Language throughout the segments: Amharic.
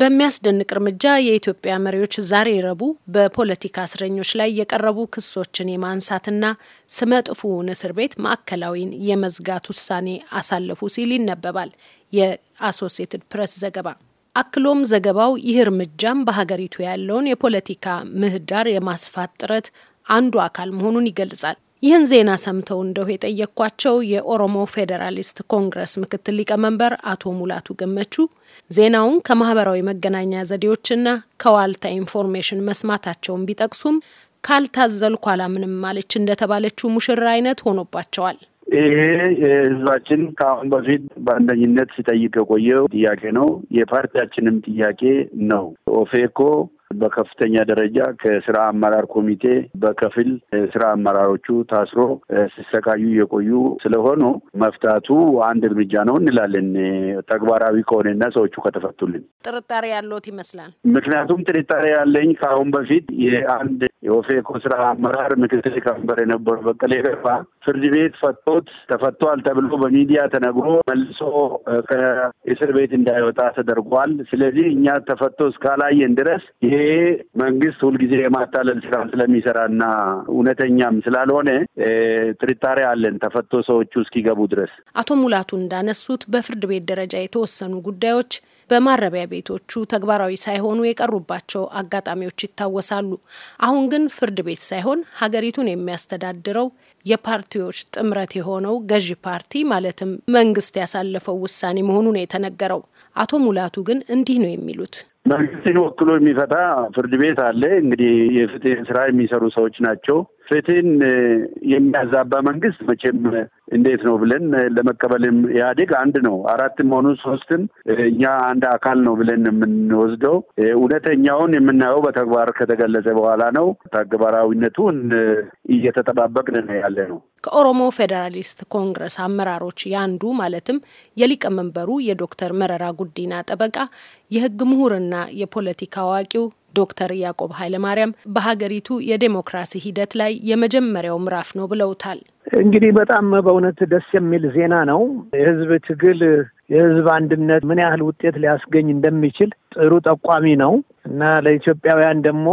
በሚያስደንቅ እርምጃ የኢትዮጵያ መሪዎች ዛሬ ረቡዕ በፖለቲካ እስረኞች ላይ የቀረቡ ክሶችን የማንሳትና ስመጥፉውን እስር ቤት ማዕከላዊን የመዝጋት ውሳኔ አሳለፉ ሲል ይነበባል የአሶሲየትድ ፕሬስ ዘገባ። አክሎም ዘገባው ይህ እርምጃም በሀገሪቱ ያለውን የፖለቲካ ምህዳር የማስፋት ጥረት አንዱ አካል መሆኑን ይገልጻል። ይህን ዜና ሰምተው እንደው የጠየቅኳቸው የኦሮሞ ፌዴራሊስት ኮንግረስ ምክትል ሊቀመንበር አቶ ሙላቱ ገመቹ ዜናውን ከማህበራዊ መገናኛ ዘዴዎችና ከዋልታ ኢንፎርሜሽን መስማታቸውን ቢጠቅሱም ካልታዘልኩ አላምንም ማለች እንደተባለችው ሙሽራ አይነት ሆኖባቸዋል። ይሄ የህዝባችን ከአሁን በፊት በአንደኝነት ሲጠይቅ የቆየው ጥያቄ ነው። የፓርቲያችንም ጥያቄ ነው። ኦፌኮ በከፍተኛ ደረጃ ከስራ አመራር ኮሚቴ በከፊል ስራ አመራሮቹ ታስሮ ሲሰቃዩ የቆዩ ስለሆኑ መፍታቱ አንድ እርምጃ ነው እንላለን። ተግባራዊ ከሆነና ሰዎቹ ከተፈቱልን ጥርጣሬ ያለት ይመስላል። ምክንያቱም ጥርጣሬ ያለኝ ከአሁን በፊት የአንድ የኦፌኮ ስራ አመራር ምክትል ሊቀመንበር የነበሩ በቀለ ገርባ ፍርድ ቤት ፈቶት ተፈቷል ተብሎ በሚዲያ ተነግሮ መልሶ ከእስር ቤት እንዳይወጣ ተደርጓል። ስለዚህ እኛ ተፈቶ እስካላየን ድረስ ይሄ መንግስት ሁልጊዜ የማታለል ስራ ስለሚሰራና እውነተኛም ስላልሆነ ጥርጣሬ አለን ተፈቶ ሰዎቹ እስኪገቡ ድረስ። አቶ ሙላቱ እንዳነሱት በፍርድ ቤት ደረጃ የተወሰኑ ጉዳዮች በማረቢያ ቤቶቹ ተግባራዊ ሳይሆኑ የቀሩባቸው አጋጣሚዎች ይታወሳሉ። አሁን ግን ፍርድ ቤት ሳይሆን ሀገሪቱን የሚያስተዳድረው የፓርቲዎች ጥምረት የሆነው ገዢ ፓርቲ ማለትም መንግስት ያሳለፈው ውሳኔ መሆኑን የተነገረው አቶ ሙላቱ ግን እንዲህ ነው የሚሉት። መንግስትን ወክሎ የሚፈታ ፍርድ ቤት አለ። እንግዲህ የፍትህ ስራ የሚሰሩ ሰዎች ናቸው። ፍትህን የሚያዛባ መንግስት መቼም እንዴት ነው ብለን ለመቀበልም ኢህአዴግ አንድ ነው አራትም ሆኑ ሶስትም እኛ አንድ አካል ነው ብለን የምንወስደው እውነተኛውን የምናየው በተግባር ከተገለጸ በኋላ ነው። ተግባራዊነቱን እየተጠባበቅን ነው ያለ ነው። ከኦሮሞ ፌዴራሊስት ኮንግረስ አመራሮች ያንዱ ማለትም የሊቀመንበሩ የዶክተር መረራ ጉዲና ጠበቃ የህግ ምሁርና የፖለቲካ አዋቂው ዶክተር ያዕቆብ ኃይለማርያም በሀገሪቱ የዴሞክራሲ ሂደት ላይ የመጀመሪያው ምዕራፍ ነው ብለውታል። እንግዲህ በጣም በእውነት ደስ የሚል ዜና ነው። የህዝብ ትግል፣ የህዝብ አንድነት ምን ያህል ውጤት ሊያስገኝ እንደሚችል ጥሩ ጠቋሚ ነው እና ለኢትዮጵያውያን ደግሞ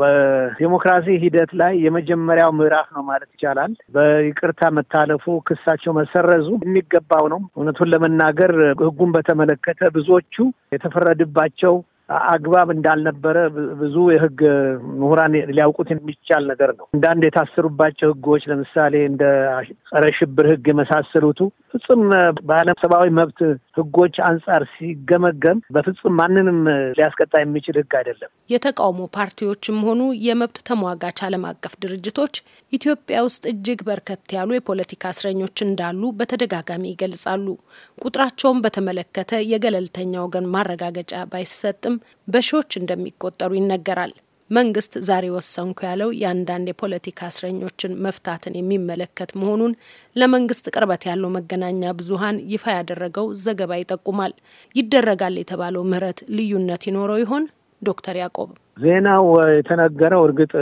በዴሞክራሲ ሂደት ላይ የመጀመሪያው ምዕራፍ ነው ማለት ይቻላል። በይቅርታ መታለፉ፣ ክሳቸው መሰረዙ የሚገባው ነው። እውነቱን ለመናገር ህጉን በተመለከተ ብዙዎቹ የተፈረደባቸው አግባብ እንዳልነበረ ብዙ የህግ ምሁራን ሊያውቁት የሚቻል ነገር ነው። አንዳንድ የታሰሩባቸው ህጎች ለምሳሌ እንደ ጸረ ሽብር ህግ የመሳሰሉቱ ፍጹም በዓለም ሰብአዊ መብት ህጎች አንጻር ሲገመገም በፍጹም ማንንም ሊያስቀጣ የሚችል ህግ አይደለም። የተቃውሞ ፓርቲዎችም ሆኑ የመብት ተሟጋች ዓለም አቀፍ ድርጅቶች ኢትዮጵያ ውስጥ እጅግ በርከት ያሉ የፖለቲካ እስረኞች እንዳሉ በተደጋጋሚ ይገልጻሉ። ቁጥራቸውን በተመለከተ የገለልተኛ ወገን ማረጋገጫ ባይሰጥም በሺዎች እንደሚቆጠሩ ይነገራል። መንግስት ዛሬ ወሰንኩ ያለው የአንዳንድ የፖለቲካ እስረኞችን መፍታትን የሚመለከት መሆኑን ለመንግስት ቅርበት ያለው መገናኛ ብዙሃን ይፋ ያደረገው ዘገባ ይጠቁማል። ይደረጋል የተባለው ምህረት ልዩነት ይኖረው ይሆን? ዶክተር ያዕቆብ ዜናው የተነገረው እርግጥ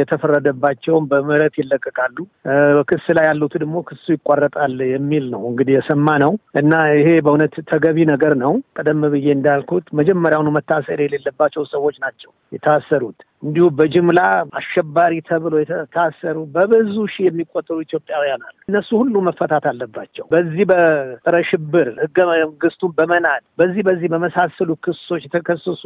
የተፈረደባቸውም በምህረት ይለቀቃሉ፣ ክስ ላይ ያሉት ደግሞ ክሱ ይቋረጣል የሚል ነው እንግዲህ የሰማ ነው እና ይሄ በእውነት ተገቢ ነገር ነው። ቀደም ብዬ እንዳልኩት መጀመሪያውኑ መታሰር የሌለባቸው ሰዎች ናቸው የታሰሩት። እንዲሁ በጅምላ አሸባሪ ተብሎ የታሰሩ በብዙ ሺህ የሚቆጠሩ ኢትዮጵያውያን አሉ። እነሱ ሁሉ መፈታት አለባቸው። በዚህ በጸረ ሽብር ህገ መንግስቱን በመናድ በዚህ በዚህ በመሳሰሉ ክሶች የተከሰሱ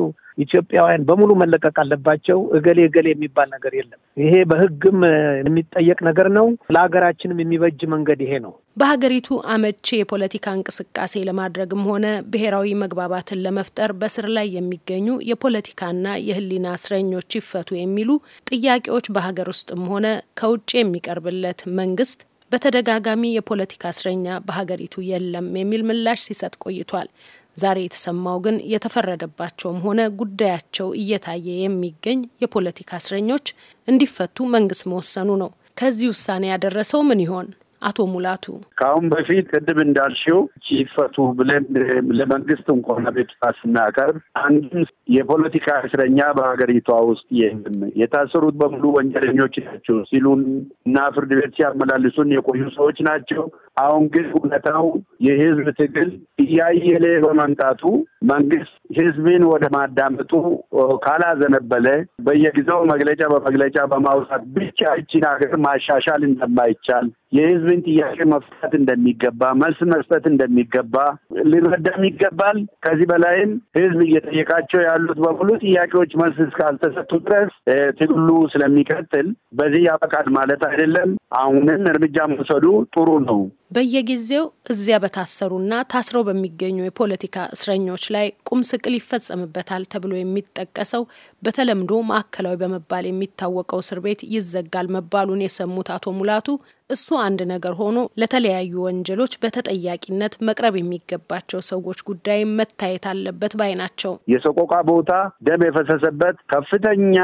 ኢትዮጵያውያን በሙሉ መለቀቅ መጠየቅ አለባቸው። እገሌ እገሌ የሚባል ነገር የለም። ይሄ በህግም የሚጠየቅ ነገር ነው። ለሀገራችንም የሚበጅ መንገድ ይሄ ነው። በሀገሪቱ አመቺ የፖለቲካ እንቅስቃሴ ለማድረግም ሆነ ብሔራዊ መግባባትን ለመፍጠር በስር ላይ የሚገኙ የፖለቲካና የህሊና እስረኞች ይፈቱ የሚሉ ጥያቄዎች በሀገር ውስጥም ሆነ ከውጭ የሚቀርብለት መንግስት በተደጋጋሚ የፖለቲካ እስረኛ በሀገሪቱ የለም የሚል ምላሽ ሲሰጥ ቆይቷል። ዛሬ የተሰማው ግን የተፈረደባቸውም ሆነ ጉዳያቸው እየታየ የሚገኝ የፖለቲካ እስረኞች እንዲፈቱ መንግስት መወሰኑ ነው። ከዚህ ውሳኔ ያደረሰው ምን ይሆን? አቶ ሙላቱ ከአሁን በፊት ቅድም እንዳልሽው ሲፈቱ ብለን ለመንግስት እንኳን አቤቱታ ስናቀርብ አንድም የፖለቲካ እስረኛ በሀገሪቷ ውስጥ የለም፣ የታሰሩት በሙሉ ወንጀለኞች ናቸው ሲሉን እና ፍርድ ቤት ሲያመላልሱን የቆዩ ሰዎች ናቸው አሁን ግን እውነታው የህዝብ ትግል እያየለ በመምጣቱ መንግስት ህዝብን ወደ ማዳመጡ ካላዘነበለ በየጊዜው መግለጫ በመግለጫ በማውጣት ብቻ ይችን ሀገር ማሻሻል እንደማይቻል የህዝብን ጥያቄ መፍታት እንደሚገባ መልስ መስጠት እንደሚገባ ሊረዳም ይገባል። ከዚህ በላይም ህዝብ እየጠየቃቸው ያሉት በሙሉ ጥያቄዎች መልስ እስካልተሰጡ ድረስ ትግሉ ስለሚቀጥል በዚህ ያበቃል ማለት አይደለም። አሁንም እርምጃ መውሰዱ ጥሩ ነው። በየጊዜው እዚያ በታሰሩና ታስረው በሚገኙ የፖለቲካ እስረኞች ላይ ቁም ስቅል ይፈጸምበታል ተብሎ የሚጠቀሰው በተለምዶ ማዕከላዊ በመባል የሚታወቀው እስር ቤት ይዘጋል መባሉን የሰሙት አቶ ሙላቱ እሱ አንድ ነገር ሆኖ ለተለያዩ ወንጀሎች በተጠያቂነት መቅረብ የሚገባቸው ሰዎች ጉዳይ መታየት አለበት ባይ ናቸው። የሰቆቃ ቦታ ደም የፈሰሰበት ከፍተኛ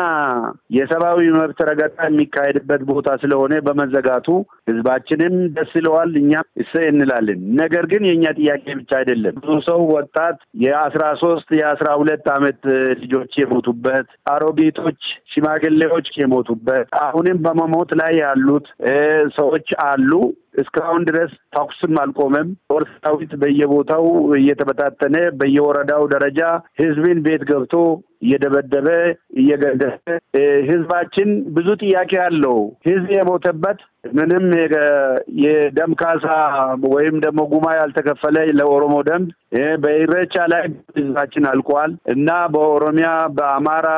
የሰብአዊ መብት ረገጣ የሚካሄድበት ቦታ ስለሆነ በመዘጋቱ ህዝባችንም ደስ ይለዋል፣ እኛም እሰ እንላለን። ነገር ግን የእኛ ጥያቄ ብቻ አይደለም። ብዙ ሰው ወጣት የአስራ ሶስት የአስራ ሁለት አመት ልጆች የሞቱበት፣ አሮጊቶች፣ ሽማግሌዎች የሞቱበት አሁንም በመሞት ላይ ያሉት ሰው ሰዎች አሉ። እስካሁን ድረስ ተኩስም አልቆመም። ጦር ሰራዊት በየቦታው እየተበታተነ በየወረዳው ደረጃ ህዝብን ቤት ገብቶ እየደበደበ እየገደለ ህዝባችን ብዙ ጥያቄ አለው። ህዝብ የሞተበት ምንም የደም ካሳ ወይም ደግሞ ጉማ ያልተከፈለ ለኦሮሞ ደንብ በኢሬቻ ላይ ህዝባችን አልቋል እና በኦሮሚያ በአማራ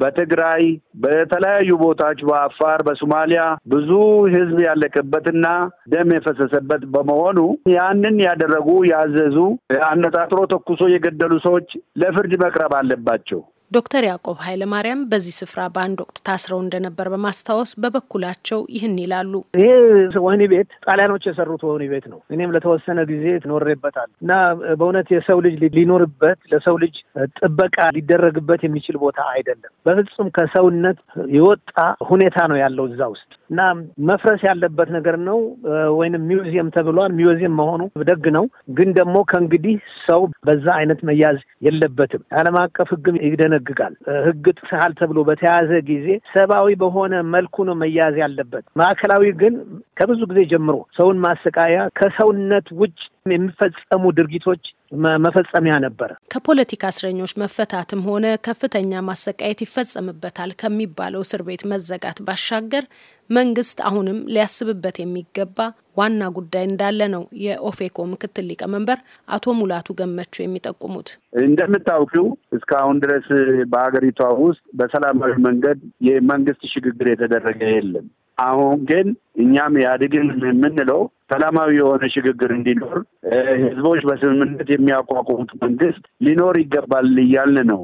በትግራይ በተለያዩ ቦታዎች በአፋር፣ በሶማሊያ ብዙ ህዝብ ያለቀበትና ደም የፈሰሰበት በመሆኑ ያንን ያደረጉ ያዘዙ አነጣጥሮ ተኩሶ የገደሉ ሰዎች ለፍርድ መቅረብ አለባቸው። ዶክተር ያዕቆብ ኃይለማርያም በዚህ ስፍራ በአንድ ወቅት ታስረው እንደነበር በማስታወስ በበኩላቸው ይህን ይላሉ። ይሄ ወህኒ ቤት ጣሊያኖች የሰሩት ወህኒ ቤት ነው። እኔም ለተወሰነ ጊዜ ትኖሬበታል እና በእውነት የሰው ልጅ ሊኖርበት ለሰው ልጅ ጥበቃ ሊደረግበት የሚችል ቦታ አይደለም። በፍጹም ከሰውነት የወጣ ሁኔታ ነው ያለው እዛ ውስጥ እና መፍረስ ያለበት ነገር ነው ወይንም ሚውዚየም ተብሏል። ሚውዚየም መሆኑ ደግ ነው፣ ግን ደግሞ ከእንግዲህ ሰው በዛ አይነት መያዝ የለበትም። ዓለም አቀፍ ህግም ይደነ ይደነግጋል። ህግ ጥሰሃል ተብሎ በተያዘ ጊዜ ሰብአዊ በሆነ መልኩ ነው መያዝ ያለበት። ማዕከላዊ ግን ከብዙ ጊዜ ጀምሮ ሰውን ማሰቃያ ከሰውነት ውጭ የሚፈጸሙ ድርጊቶች መፈጸሚያ ነበረ። ከፖለቲካ እስረኞች መፈታትም ሆነ ከፍተኛ ማሰቃየት ይፈጸምበታል ከሚባለው እስር ቤት መዘጋት ባሻገር መንግስት አሁንም ሊያስብበት የሚገባ ዋና ጉዳይ እንዳለ ነው የኦፌኮ ምክትል ሊቀመንበር አቶ ሙላቱ ገመቹ የሚጠቁሙት። እንደምታውቂው እስካሁን ድረስ በሀገሪቷ ውስጥ በሰላማዊ መንገድ የመንግስት ሽግግር የተደረገ የለም። አሁን ግን እኛም ኢህአዴግን የምንለው ሰላማዊ የሆነ ሽግግር እንዲኖር ህዝቦች በስምምነት የሚያቋቁሙት መንግስት ሊኖር ይገባል እያልን ነው።